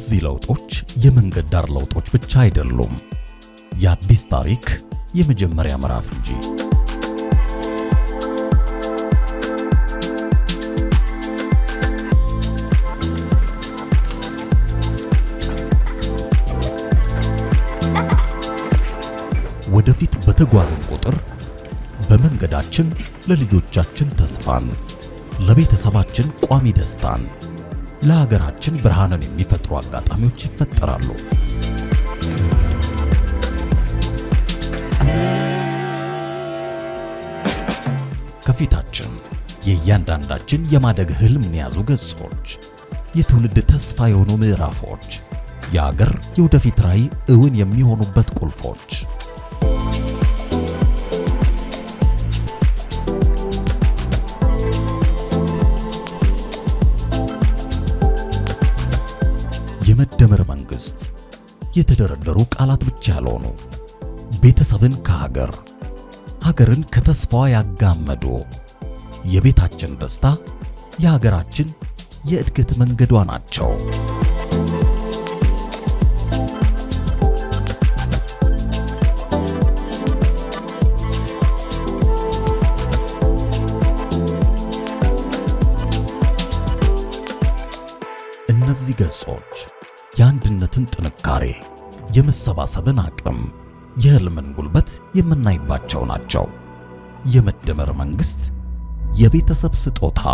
እነዚህ ለውጦች የመንገድ ዳር ለውጦች ብቻ አይደሉም፣ የአዲስ ታሪክ የመጀመሪያ ምዕራፍ እንጂ። ወደፊት በተጓዝን ቁጥር በመንገዳችን ለልጆቻችን ተስፋን፣ ለቤተሰባችን ቋሚ ደስታን ለሀገራችን ብርሃንን የሚፈጥሩ አጋጣሚዎች ይፈጠራሉ። ከፊታችን የእያንዳንዳችን የማደግ ህልም የያዙ ገጾች፣ የትውልድ ተስፋ የሆኑ ምዕራፎች፣ የአገር የወደፊት ራዕይ እውን የሚሆኑበት ቁልፎች የመደመር መንግስት የተደረደሩ ቃላት ብቻ ያልሆኑ ቤተሰብን ከሀገር ሀገርን ከተስፋዋ ያጋመዱ የቤታችን ደስታ የሀገራችን የእድገት መንገዷ ናቸው። እነዚህ ገጾች የአንድነትን ጥንካሬ፣ የመሰባሰብን አቅም፣ የህልምን ጉልበት የምናይባቸው ናቸው። የመደመር መንግስት የቤተሰብ ስጦታ